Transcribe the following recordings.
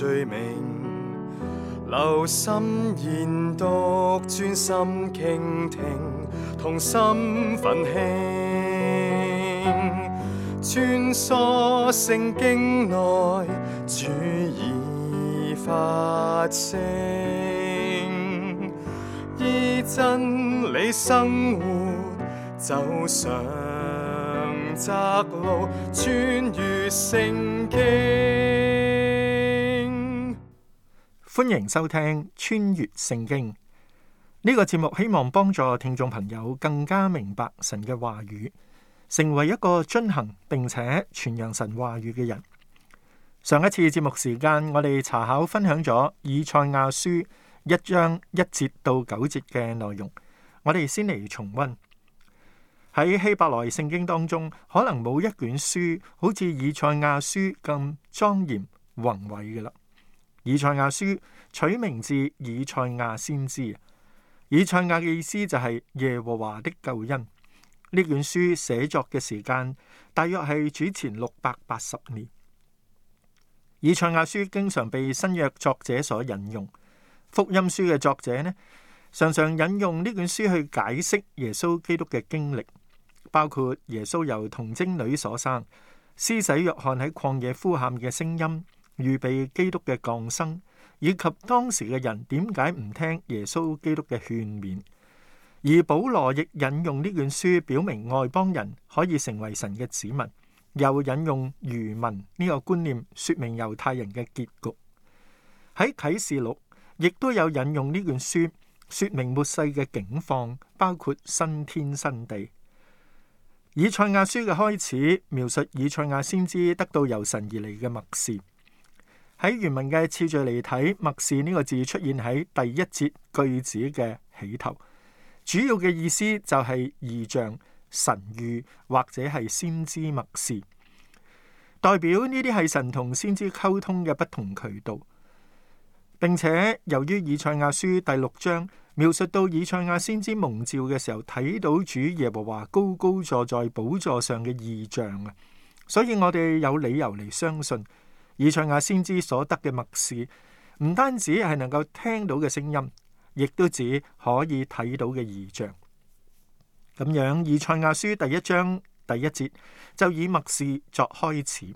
罪名留心研讀，專心傾聽，同心奮興，穿梭聖經內，主已發聲，依真理生活，走上窄路，穿越聖經。歡迎收聽穿越聖經呢個節目，希望幫助聽眾朋友更加明白神嘅話語，成為一個遵行，並且傳揚神話語嘅人。上一次節目時間，我哋查考、分享咗以賽亞書一章一節到九節嘅內容，我哋先嚟重温喺希伯來聖經當中，可能冇一卷書好似以賽亞書咁莊嚴宏偉嘅啦。以賽亞書取名自以賽亞先知。以賽亞嘅意思就係、是、耶和華的救恩。呢卷書寫作嘅時間大約係主前六百八十年。以賽亞書經常被新約作者所引用。福音書嘅作者呢，常常引用呢卷書去解釋耶穌基督嘅經歷，包括耶穌由童貞女所生，施洗約翰喺曠野呼喊嘅聲音。預備基督嘅降生，以及當時嘅人點解唔聽耶穌基督嘅勸勉。而保羅亦引用呢卷書，表明外邦人可以成為神嘅子民；又引用餘民呢個觀念，說明猶太人嘅結局。喺啟示錄亦都有引用呢卷書，說明末世嘅境況，包括新天新地。以賽亞書嘅開始描述，以賽亞先知得到由神而嚟嘅默示。喺原文嘅次序嚟睇，默示呢個字出現喺第一節句子嘅起頭，主要嘅意思就係異象、神諭或者係先知默示，代表呢啲係神同先知溝通嘅不同渠道，並且由於以賽亞書第六章描述到以賽亞先知蒙召嘅時候，睇到主耶和華高高坐在寶座上嘅異象啊，所以我哋有理由嚟相信。以賽亞先知所得嘅默示，唔單止係能夠聽到嘅聲音，亦都指可以睇到嘅異象。咁樣，以賽亞書第一章第一節就以默示作開始，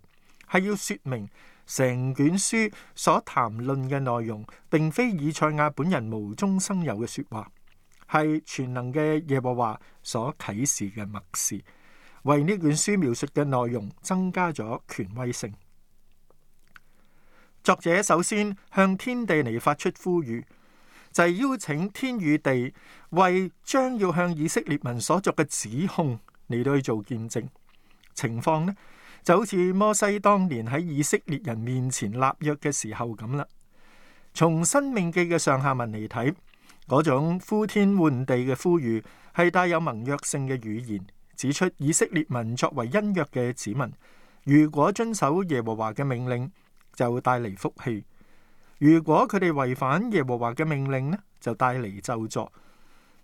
係要說明成卷書所談論嘅內容，並非以賽亞本人無中生有嘅說話，係全能嘅耶和華所啟示嘅默示，為呢卷書描述嘅內容增加咗權威性。作者首先向天地嚟，發出呼籲，就係邀請天與地為將要向以色列民所作嘅指控嚟到去做見證。情況呢就好似摩西當年喺以色列人面前立約嘅時候咁啦。從申命記嘅上下文嚟睇，嗰種呼天喚地嘅呼籲係帶有盟約性嘅語言，指出以色列民作為恩約嘅子民，如果遵守耶和華嘅命令。就會帶嚟福氣，如果佢哋違反耶和華嘅命令呢，就帶嚟咒作。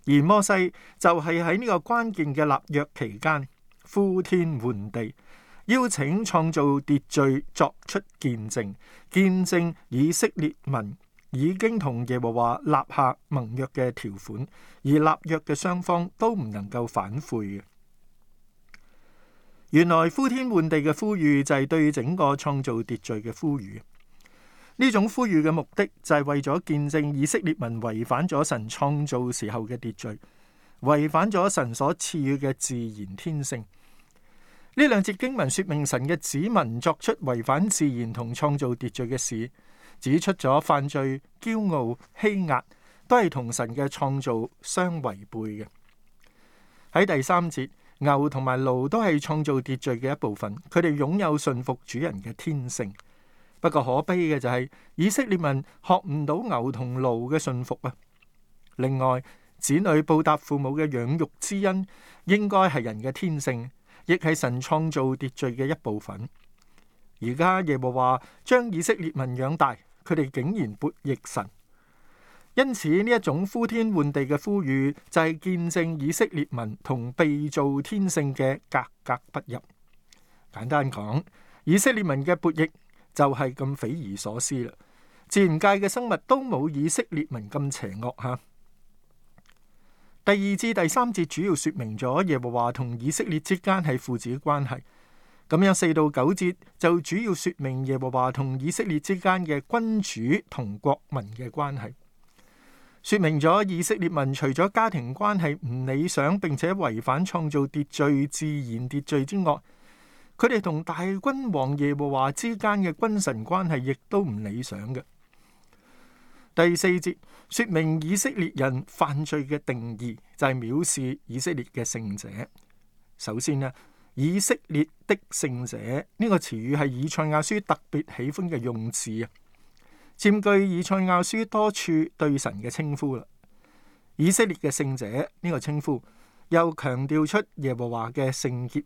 而摩西就係喺呢個關鍵嘅立約期間，呼天喚地，邀請創造秩序作出見證，見證以色列民已經同耶和華立下盟約嘅條款，而立約嘅雙方都唔能夠反悔嘅。原來呼天喚地嘅呼籲就係、是、對整個創造秩序嘅呼籲。呢種呼籲嘅目的就係、是、為咗見證以色列民違反咗神創造時候嘅秩序，違反咗神所賜予嘅自然天性。呢兩節經文說明神嘅子民作出違反自然同創造秩序嘅事，指出咗犯罪、驕傲、欺壓都係同神嘅創造相違背嘅。喺第三節。牛同埋驢都係創造秩序嘅一部分，佢哋擁有順服主人嘅天性。不過可悲嘅就係、是、以色列民學唔到牛同驢嘅順服啊。另外，子女報答父母嘅養育之恩，應該係人嘅天性，亦係神創造秩序嘅一部分。而家耶和華將以色列民養大，佢哋竟然悖逆神。因此呢一種呼天喚地嘅呼籲，就係見證以色列民同被造天性嘅格格不入。簡單講，以色列民嘅悖逆，就係咁匪夷所思啦。自然界嘅生物都冇以色列民咁邪惡吓。第二至第三節主要說明咗耶和華同以色列之間係父子嘅關係。咁樣四到九節就主要說明耶和華同以色列之間嘅君主同國民嘅關係。說明咗以色列民除咗家庭關係唔理想，並且違反創造秩序、自然秩序之外，佢哋同大君王耶和華之間嘅君臣關係亦都唔理想嘅。第四節說明以色列人犯罪嘅定義，就係藐視以色列嘅聖者。首先呢，以色列的聖者呢個詞語係以賽亞書特別喜歡嘅用詞啊。佔據以賽亞書多處對神嘅稱呼啦，以色列嘅聖者，呢個稱呼又強調出耶和華嘅聖潔，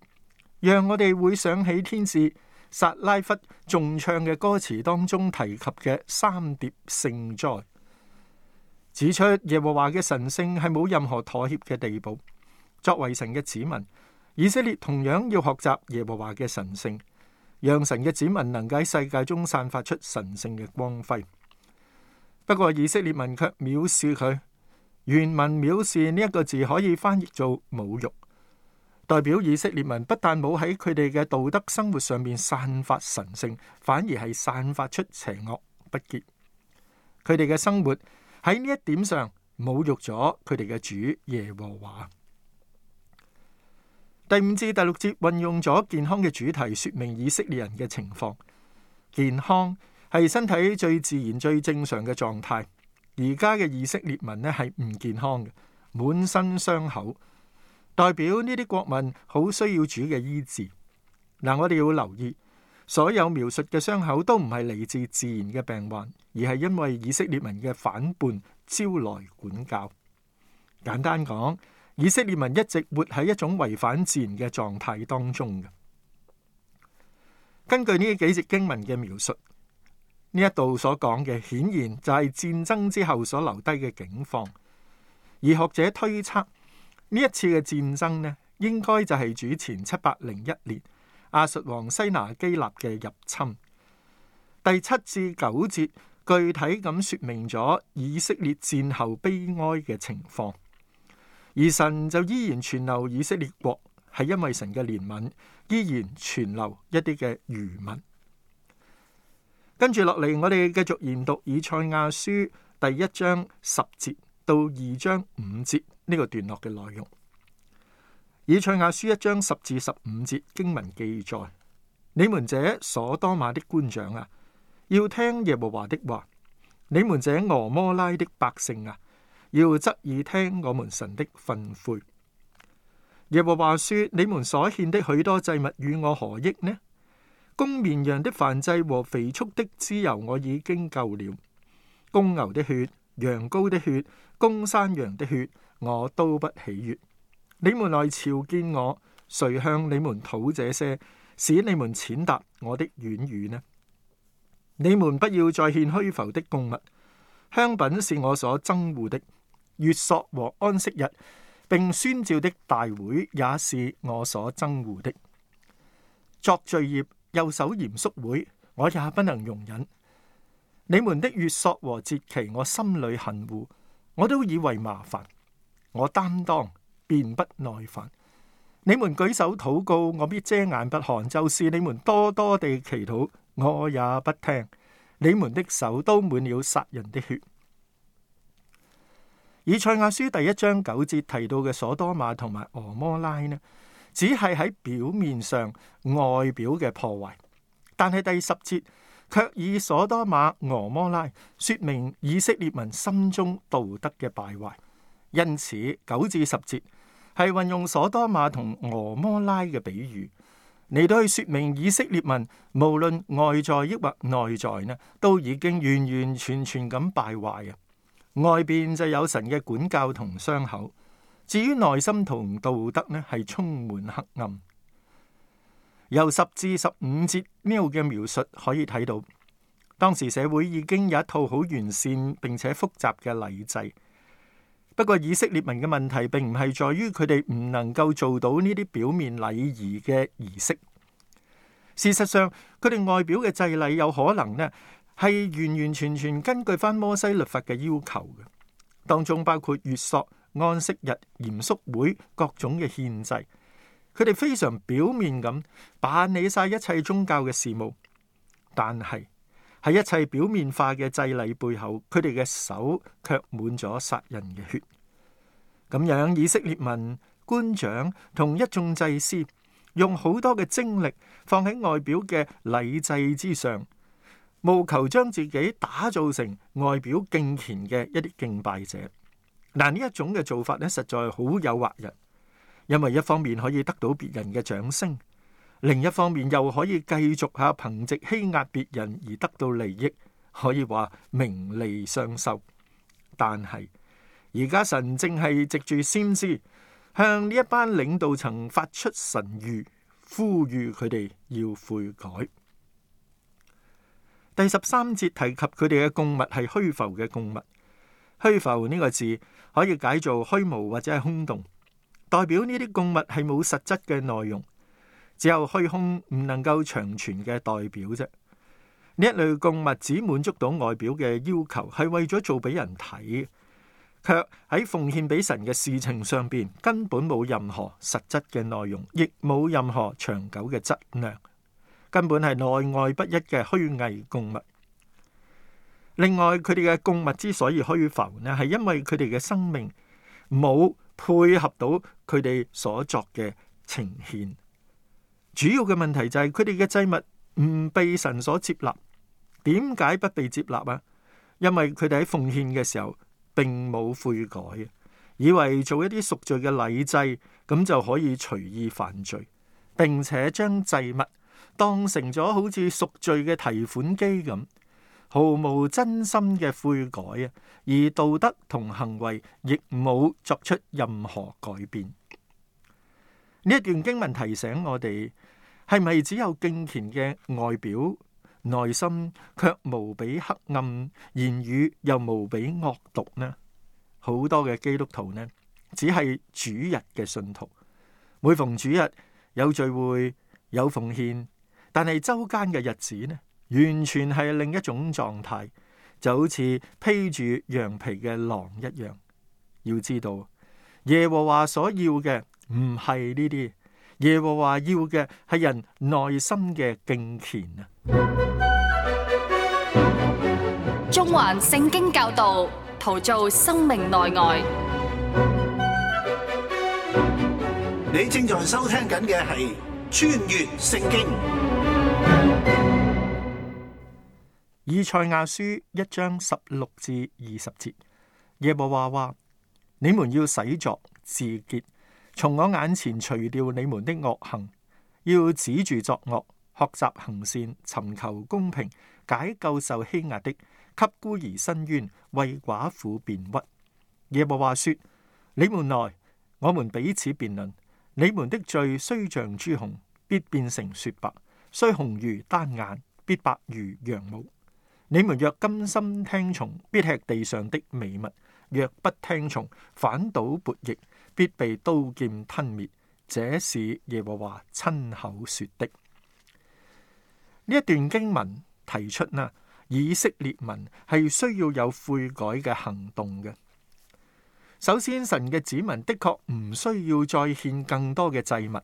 讓我哋會想起天使撒拉弗重唱嘅歌詞當中提及嘅三疊聖哉，指出耶和華嘅神性係冇任何妥協嘅地步。作為神嘅子民，以色列同樣要學習耶和華嘅神性。讓神嘅子民能夠喺世界中散發出神聖嘅光輝。不過以色列民卻藐視佢。原文藐視呢一個字可以翻譯做侮辱，代表以色列民不但冇喺佢哋嘅道德生活上面散發神聖，反而係散發出邪惡不潔。佢哋嘅生活喺呢一點上侮辱咗佢哋嘅主耶和華。第五至第六節運用咗健康嘅主題，說明以色列人嘅情況。健康係身體最自然、最正常嘅狀態。而家嘅以色列民呢，係唔健康嘅，滿身傷口，代表呢啲國民好需要主嘅醫治。嗱，我哋要留意，所有描述嘅傷口都唔係嚟自自然嘅病患，而係因為以色列民嘅反叛招來管教。簡單講。以色列民一直活喺一種違反自然嘅狀態當中嘅。根據呢幾節經文嘅描述，呢一度所講嘅顯然就係戰爭之後所留低嘅境況。而學者推測呢一次嘅戰爭呢，應該就係主前七百零一年亞述王西拿基立嘅入侵。第七至九節具體咁說明咗以色列戰後悲哀嘅情況。而神就依然存留以色列國，係因為神嘅憐憫依然存留一啲嘅餘民。跟住落嚟，我哋繼續研讀以賽亞書第一章十節到二章五節呢個段落嘅內容。以賽亞書一章十至十五節經文記載：你們這所多瑪的官長啊，要聽耶和華的話；你們這俄摩拉的百姓啊。要側耳聽我們神的訓誨。耶和華說：你們所獻的許多祭物與我何益呢？公綿羊的燔祭和肥畜的脂油我已經夠了。公牛的血、羊羔的血、公山羊的血我都不喜悅。你們來朝見我，誰向你們討這些，使你們踐踏我的院宇呢？你們不要再獻虛浮的供物。香品是我所憎惡的。月朔和安息日，並宣召的大會，也是我所憎惡的。作罪孽、右手嚴肅會，我也不能容忍。你們的月朔和節期，我心裏恨惡，我都以為麻煩。我擔當便不耐煩。你們舉手禱告，我必遮眼不看；就是你們多多地祈禱，我也不聽。你們的手都滿了殺人的血。以賽亞書第一章九節提到嘅，所多瑪同埋俄摩拉呢，只係喺表面上外表嘅破壞，但係第十節卻以所多瑪、俄摩拉說明以色列民心中道德嘅敗壞。因此九至十節係運用所多瑪同俄摩拉嘅比喻嚟到去說明以色列民無論外在抑或內在呢，都已經完完全全咁敗壞啊！外邊就有神嘅管教同傷口，至於內心同道德呢係充滿黑暗。由十至十五節呢嘅描述可以睇到，當時社會已經有一套好完善並且複雜嘅禮制。不過以色列民嘅問題，並唔係在於佢哋唔能夠做到呢啲表面禮儀嘅儀式。事實上，佢哋外表嘅祭禮有可能呢。係完完全全根據翻摩西律法嘅要求嘅，當中包括月朔、安息日、嚴肅會各種嘅憲制。佢哋非常表面咁辦理晒一切宗教嘅事務，但係喺一切表面化嘅祭禮背後，佢哋嘅手卻滿咗殺人嘅血。咁樣以色列民官長同一眾祭司用好多嘅精力放喺外表嘅禮制之上。務求將自己打造成外表敬虔嘅一啲敬拜者，嗱呢一種嘅做法呢，實在好誘惑人，因為一方面可以得到別人嘅掌聲，另一方面又可以繼續下憑藉欺壓別人而得到利益，可以話名利雙收。但係而家神正係藉住先知向呢一班領導層發出神諭，呼籲佢哋要悔改。第十三節提及佢哋嘅供物係虛浮嘅供物，虛浮呢個字可以解做虛無或者係空洞，代表呢啲供物係冇實質嘅內容，只有虛空唔能夠長存嘅代表啫。呢一類供物只滿足到外表嘅要求，係為咗做俾人睇，卻喺奉獻俾神嘅事情上邊根本冇任何實質嘅內容，亦冇任何長久嘅質量。根本係內外不一嘅虛偽供物。另外，佢哋嘅供物之所以虛浮呢，係因為佢哋嘅生命冇配合到佢哋所作嘅呈獻。主要嘅問題就係佢哋嘅祭物唔被神所接納。點解不被接納啊？因為佢哋喺奉獻嘅時候，並冇悔改，以為做一啲贖罪嘅禮祭，咁就可以隨意犯罪，並且將祭物。當成咗好似贖罪嘅提款機咁，毫無真心嘅悔改啊！而道德同行為亦冇作出任何改變。呢一段經文提醒我哋，係咪只有敬虔嘅外表，內心卻無比黑暗，言語又無比惡毒呢？好多嘅基督徒呢，只係主日嘅信徒，每逢主日有聚會，有奉獻。但係周間嘅日子呢，完全係另一種狀態，就好似披住羊皮嘅狼一樣。要知道，耶和華所要嘅唔係呢啲，耶和華要嘅係人內心嘅敬虔啊！中環聖經教導，陶造生命內外。你正在收聽緊嘅係《穿越聖經》。以賽亞書一章十六至二十節，耶和華話：你們要洗作自潔，從我眼前除掉你們的惡行，要止住作惡，學習行善，尋求公平，解救受欺壓的，給孤兒伸冤，為寡婦辯屈。耶和華說：你們來，我們彼此辯論。你們的罪雖像朱紅，必變成雪白；雖紅如丹顏，必白如羊毛。」你們若甘心聽從，必吃地上的美物；若不聽從，反倒悖逆，必被刀劍吞滅。這是耶和華親口說的。呢一段經文提出呢，以色列民係需要有悔改嘅行動嘅。首先，神嘅子民的確唔需要再獻更多嘅祭物，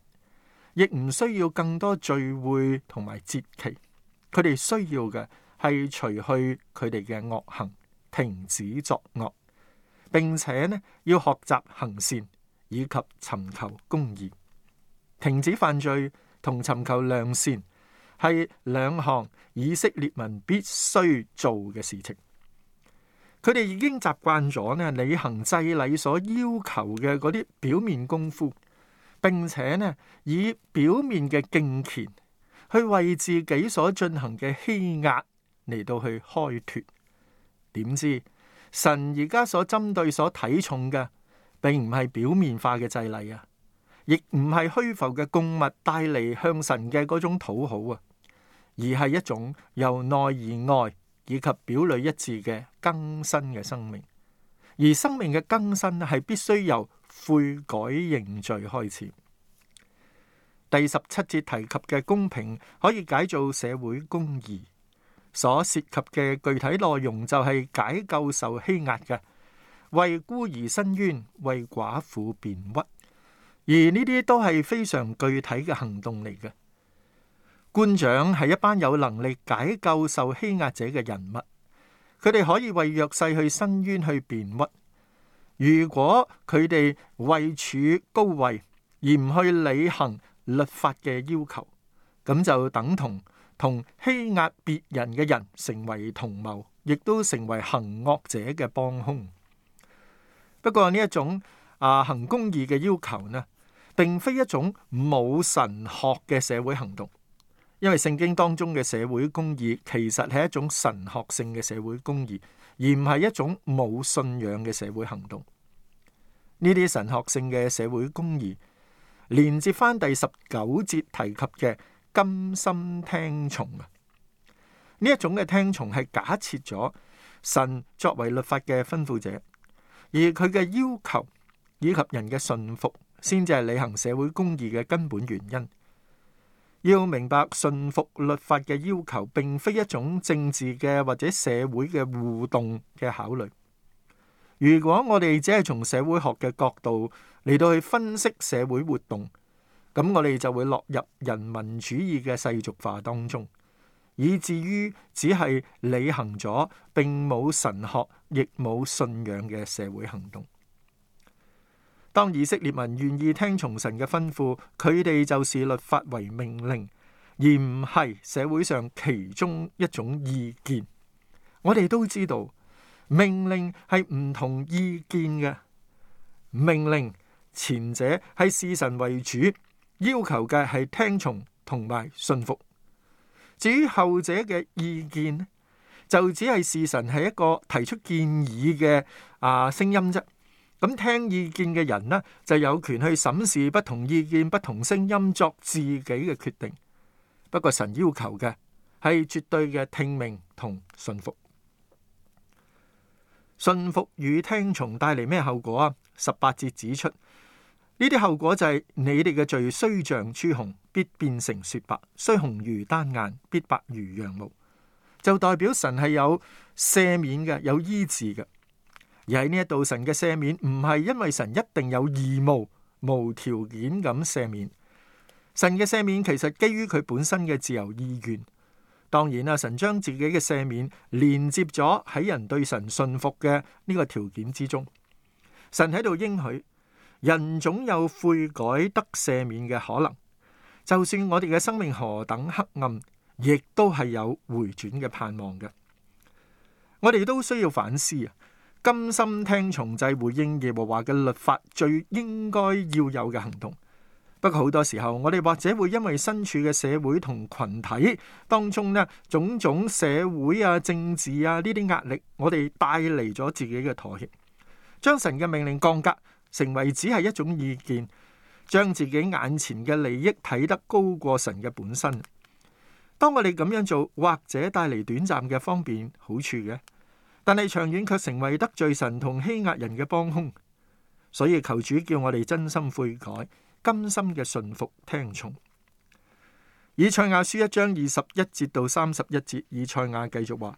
亦唔需要更多聚會同埋節期。佢哋需要嘅，係除去佢哋嘅惡行，停止作惡，並且呢，要學習行善，以及尋求公義。停止犯罪同尋求良善係兩項以色列民必須做嘅事情。佢哋已經習慣咗呢，履行祭禮所要求嘅嗰啲表面功夫，並且呢，以表面嘅敬虔去為自己所進行嘅欺壓嚟到去開脫，點知神而家所針對、所睇重嘅，並唔係表面化嘅祭禮啊，亦唔係虛浮嘅供物帶嚟向神嘅嗰種討好啊，而係一種由內而外以及表裏一致嘅更新嘅生命。而生命嘅更新呢，係必須由悔改認罪開始。第十七節提及嘅公平可以解做社會公義。所涉及嘅具體內容就係解救受欺壓嘅，為孤兒申冤，為寡婦辯屈，而呢啲都係非常具體嘅行動嚟嘅。官長係一班有能力解救受欺壓者嘅人物，佢哋可以為弱勢去申冤，去辯屈。如果佢哋位處高位而唔去履行律法嘅要求，咁就等同。同欺壓別人嘅人成為同謀，亦都成為行惡者嘅幫兇。不過呢一種啊行公義嘅要求呢，並非一種冇神學嘅社會行動，因為聖經當中嘅社會公義其實係一種神學性嘅社會公義，而唔係一種冇信仰嘅社會行動。呢啲神學性嘅社會公義，連接翻第十九節提及嘅。甘心聽從啊！呢一種嘅聽從係假設咗神作為律法嘅吩咐者，而佢嘅要求以及人嘅信服，先至係履行社會公義嘅根本原因。要明白信服律法嘅要求，並非一種政治嘅或者社會嘅互動嘅考慮。如果我哋只係從社會學嘅角度嚟到去分析社會活動。咁我哋就會落入人民主義嘅世俗化當中，以至於只係履行咗，並冇神學，亦冇信仰嘅社會行動。當以色列民願意聽從神嘅吩咐，佢哋就視律法為命令，而唔係社會上其中一種意見。我哋都知道，命令係唔同意見嘅命令，前者係視神為主。要求嘅係聽從同埋信服，至於後者嘅意見呢，就只係視神係一個提出建議嘅啊聲音啫。咁聽意見嘅人呢，就有權去審視不同意見、不同聲音，作自己嘅決定。不過神要求嘅係絕對嘅聽命同信服。信服與聽從帶嚟咩後果啊？十八節指出。呢啲後果就係你哋嘅罪，雖像朱紅，必變成雪白；雖紅如丹顏，必白如羊毛。就代表神係有赦免嘅，有醫治嘅。而喺呢一度，神嘅赦免唔係因為神一定有義務無條件咁赦免，神嘅赦免其實基於佢本身嘅自由意願。當然啊，神將自己嘅赦免連接咗喺人對神信服嘅呢個條件之中。神喺度應許。人總有悔改得赦免嘅可能，就算我哋嘅生命何等黑暗，亦都係有回轉嘅盼望嘅。我哋都需要反思啊，甘心聽從制回應耶和華嘅律法，最應該要有嘅行動。不過好多時候，我哋或者會因為身處嘅社會同群體當中咧，種種社會啊、政治啊呢啲壓力，我哋帶嚟咗自己嘅妥協，將神嘅命令降格。成為只係一種意見，將自己眼前嘅利益睇得高過神嘅本身。當我哋咁樣做，或者帶嚟短暫嘅方便好處嘅，但係長遠卻成為得罪神同欺壓人嘅幫兇。所以求主叫我哋真心悔改，甘心嘅順服聽從。以賽亞書一章二十一節到三十一節，以賽亞繼續話。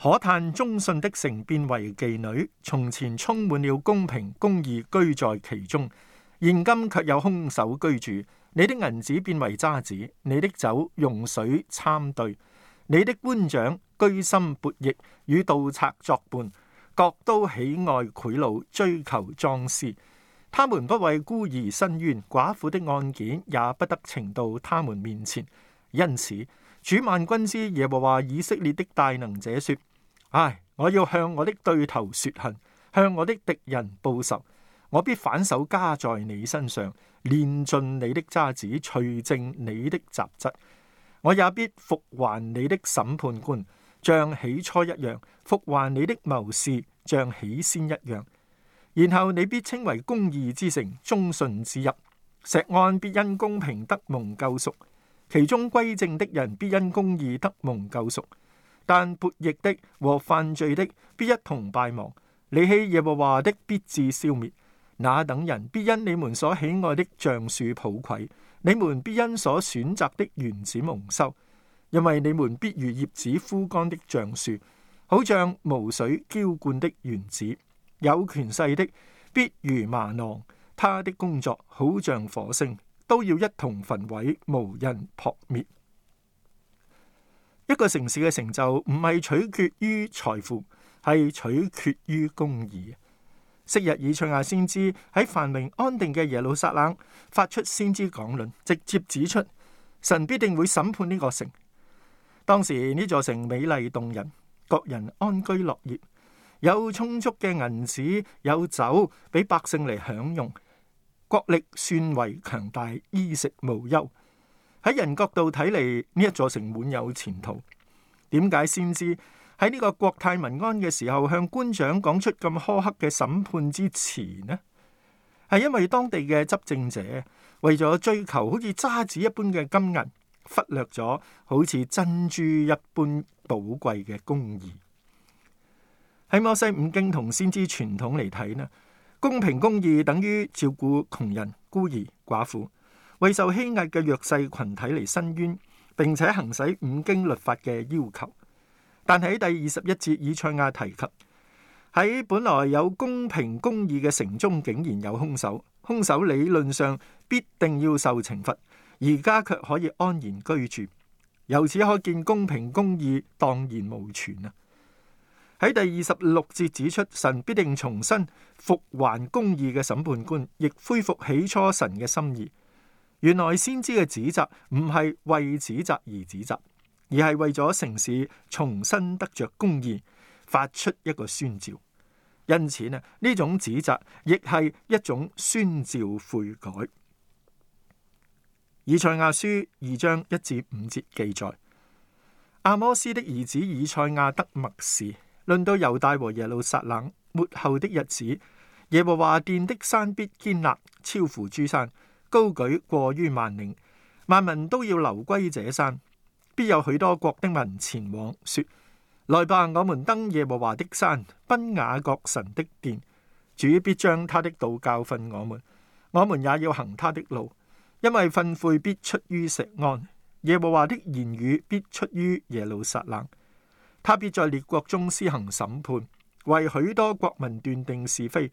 可嘆忠信的城變為妓女，從前充滿了公平公義居在其中，現今卻有凶手居住。你的銀子變為渣滓，你的酒用水攙對，你的官長居心悖逆，與盜賊作伴，各都喜愛賄賂，追求壯士，他們不為孤兒伸冤，寡婦的案件也不得呈到他們面前。因此，主萬軍之耶和華以色列的大能者說。唉，我要向我的對頭雪恨，向我的敵人報仇。我必反手加在你身上，煉盡你的渣滓，除淨你的雜質。我也必復還你的審判官，像起初一樣；復還你的謀士，像起先一樣。然後你必稱為公義之城，忠信之邑。錫安必因公平得蒙救贖，其中歸正的人必因公義得蒙救贖。但悖逆的和犯罪的必一同敗亡，離棄耶和華的必致消滅。那等人必因你們所喜愛的橡樹抱愧，你們必因所選擇的園子蒙羞，因為你們必如葉子枯乾的橡樹，好像無水澆灌的園子。有權勢的必如麻囊，他的工作好像火星，都要一同焚毀，無人撲滅。一個城市嘅成就唔係取決於財富，係取決於公義。昔日以賽亞先知喺繁榮安定嘅耶路撒冷發出先知講論，直接指出神必定會審判呢個城。當時呢座城美麗動人，國人安居樂業，有充足嘅銀子、有酒俾百姓嚟享用，國力算為強大，衣食無憂。喺人角度睇嚟，呢一座城滿有前途。點解先知喺呢個國泰民安嘅時候，向官長講出咁苛刻嘅審判之詞呢？係因為當地嘅執政者為咗追求好似渣子一般嘅金銀，忽略咗好似珍珠一般寶貴嘅公義。喺摩西五經同先知傳統嚟睇呢，公平公義等於照顧窮人、孤兒、寡婦。為受欺壓嘅弱勢群體嚟申冤，並且行使五經律法嘅要求。但喺第二十一節，以賽亞提及喺，本來有公平公義嘅城中，竟然有兇手，兇手理論上必定要受懲罰，而家卻可以安然居住。由此可見，公平公義蕩然無存啊！喺第二十六節指出，神必定重新復還公義嘅審判官，亦恢復起初神嘅心意。原來先知嘅指責唔係為指責而指責，而係為咗城市重新得着公義，發出一個宣召。因此呢，呢種指責亦係一種宣召悔改。以賽亞書二章一至五節記載：阿摩斯的兒子以賽亞得默示，論到猶大和耶路撒冷末後的日子，耶和華殿的山必堅立，超乎諸山。高舉過於萬嶺，萬民都要流歸這山，必有許多國的民前往。說：來吧，我們登耶和華的山，奔雅各神的殿，主必將他的道教訓我們，我們也要行他的路，因為訓誨必出於錫安，耶和華的言語必出於耶路撒冷，他必在列國中施行審判，為許多國民斷定是非。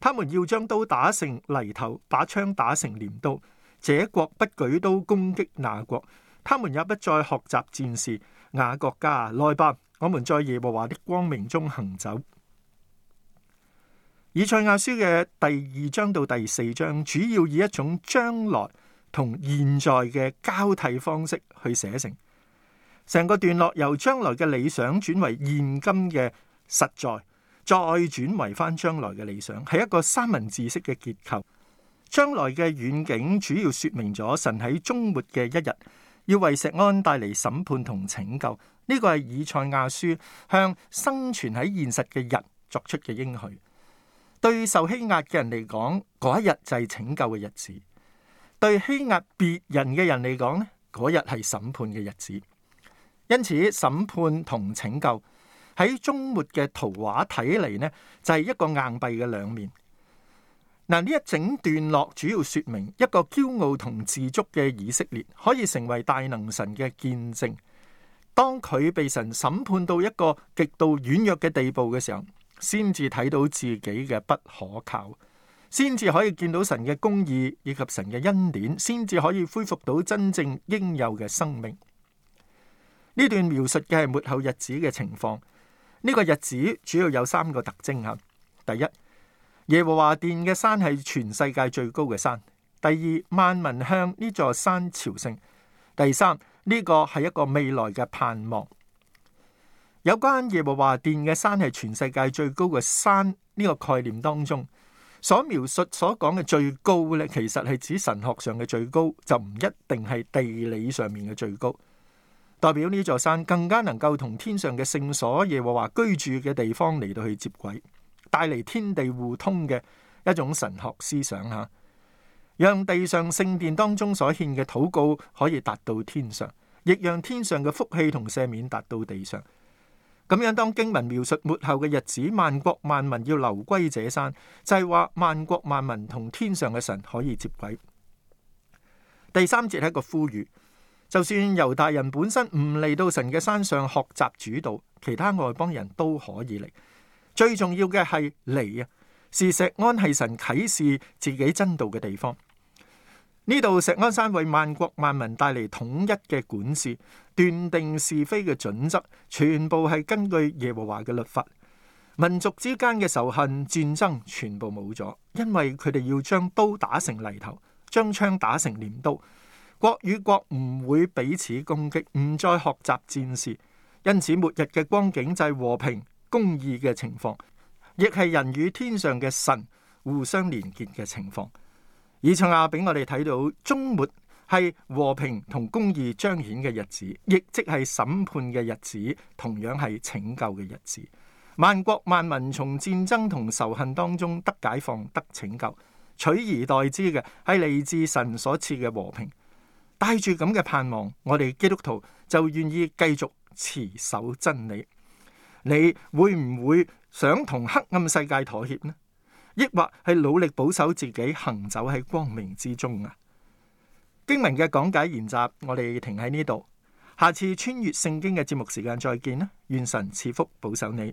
他們要將刀打成犁頭，把槍打成鐮刀。這國不舉刀攻擊那國，他們也不再學習戰事。雅各家，來吧，我們在耶和華的光明中行走。以賽亞書嘅第二章到第四章，主要以一種將來同現在嘅交替方式去寫成。成個段落由將來嘅理想轉為現今嘅實在。再轉為翻將來嘅理想，係一個三文治式嘅結構。將來嘅遠景主要說明咗神喺終末嘅一日要為錫安帶嚟審判同拯救。呢、呢個係以賽亞書向生存喺現實嘅人作出嘅應許。對受欺壓嘅人嚟講，嗰日就係拯救嘅日子；對欺壓別人嘅人嚟講咧，嗰日係審判嘅日子。因此，審判同拯救。喺終末嘅圖畫睇嚟呢，就係一個硬幣嘅兩面。嗱，呢一整段落主要說明一個驕傲同自足嘅以色列，可以成為大能神嘅見證。當佢被神審判到一個極度軟弱嘅地步嘅時候，先至睇到自己嘅不可靠，先至可以見到神嘅公義以及神嘅恩典，先至可以恢復到真正應有嘅生命。呢段描述嘅係末後日子嘅情況。呢個日子主要有三個特徵啊！第一，耶和華殿嘅山係全世界最高嘅山。第二，萬民向呢座山朝聖。第三，呢個係一個未來嘅盼望。有關耶和華殿嘅山係全世界最高嘅山呢個概念當中，所描述、所講嘅最高咧，其實係指神學上嘅最高，就唔一定係地理上面嘅最高。代表呢座山更加能夠同天上嘅聖所耶和華居住嘅地方嚟到去接軌，帶嚟天地互通嘅一種神學思想吓，讓地上聖殿當中所獻嘅禱告可以達到天上，亦讓天上嘅福氣同赦免達到地上。咁樣當經文描述末後嘅日子，萬國萬民要流歸這山，就係、是、話萬國萬民同天上嘅神可以接軌。第三節係一個呼籲。就算猶大人本身唔嚟到神嘅山上學習主道，其他外邦人都可以嚟。最重要嘅係嚟啊！是錫安係神啟示自己真道嘅地方。呢度錫安山為萬國萬民帶嚟統一嘅管治、斷定是非嘅準則，全部係根據耶和華嘅律法。民族之間嘅仇恨、戰爭全部冇咗，因為佢哋要將刀打成犁頭，將槍打成鐮刀。國與國唔會彼此攻擊，唔再學習戰事。因此末日嘅光景，就係和平、公義嘅情況，亦係人與天上嘅神互相連結嘅情況。而從亞俾我哋睇到，終末係和平同公義彰顯嘅日子，亦即係審判嘅日子，同樣係拯救嘅日子。萬國萬民從戰爭同仇恨當中得解放，得拯救，取而代之嘅係嚟自神所賜嘅和平。帶住咁嘅盼望，我哋基督徒就願意繼續持守真理。你會唔會想同黑暗世界妥協呢？抑或係努力保守自己，行走喺光明之中啊？經文嘅講解研習，我哋停喺呢度。下次穿越聖經嘅節目時間再見啦！願神賜福保守你。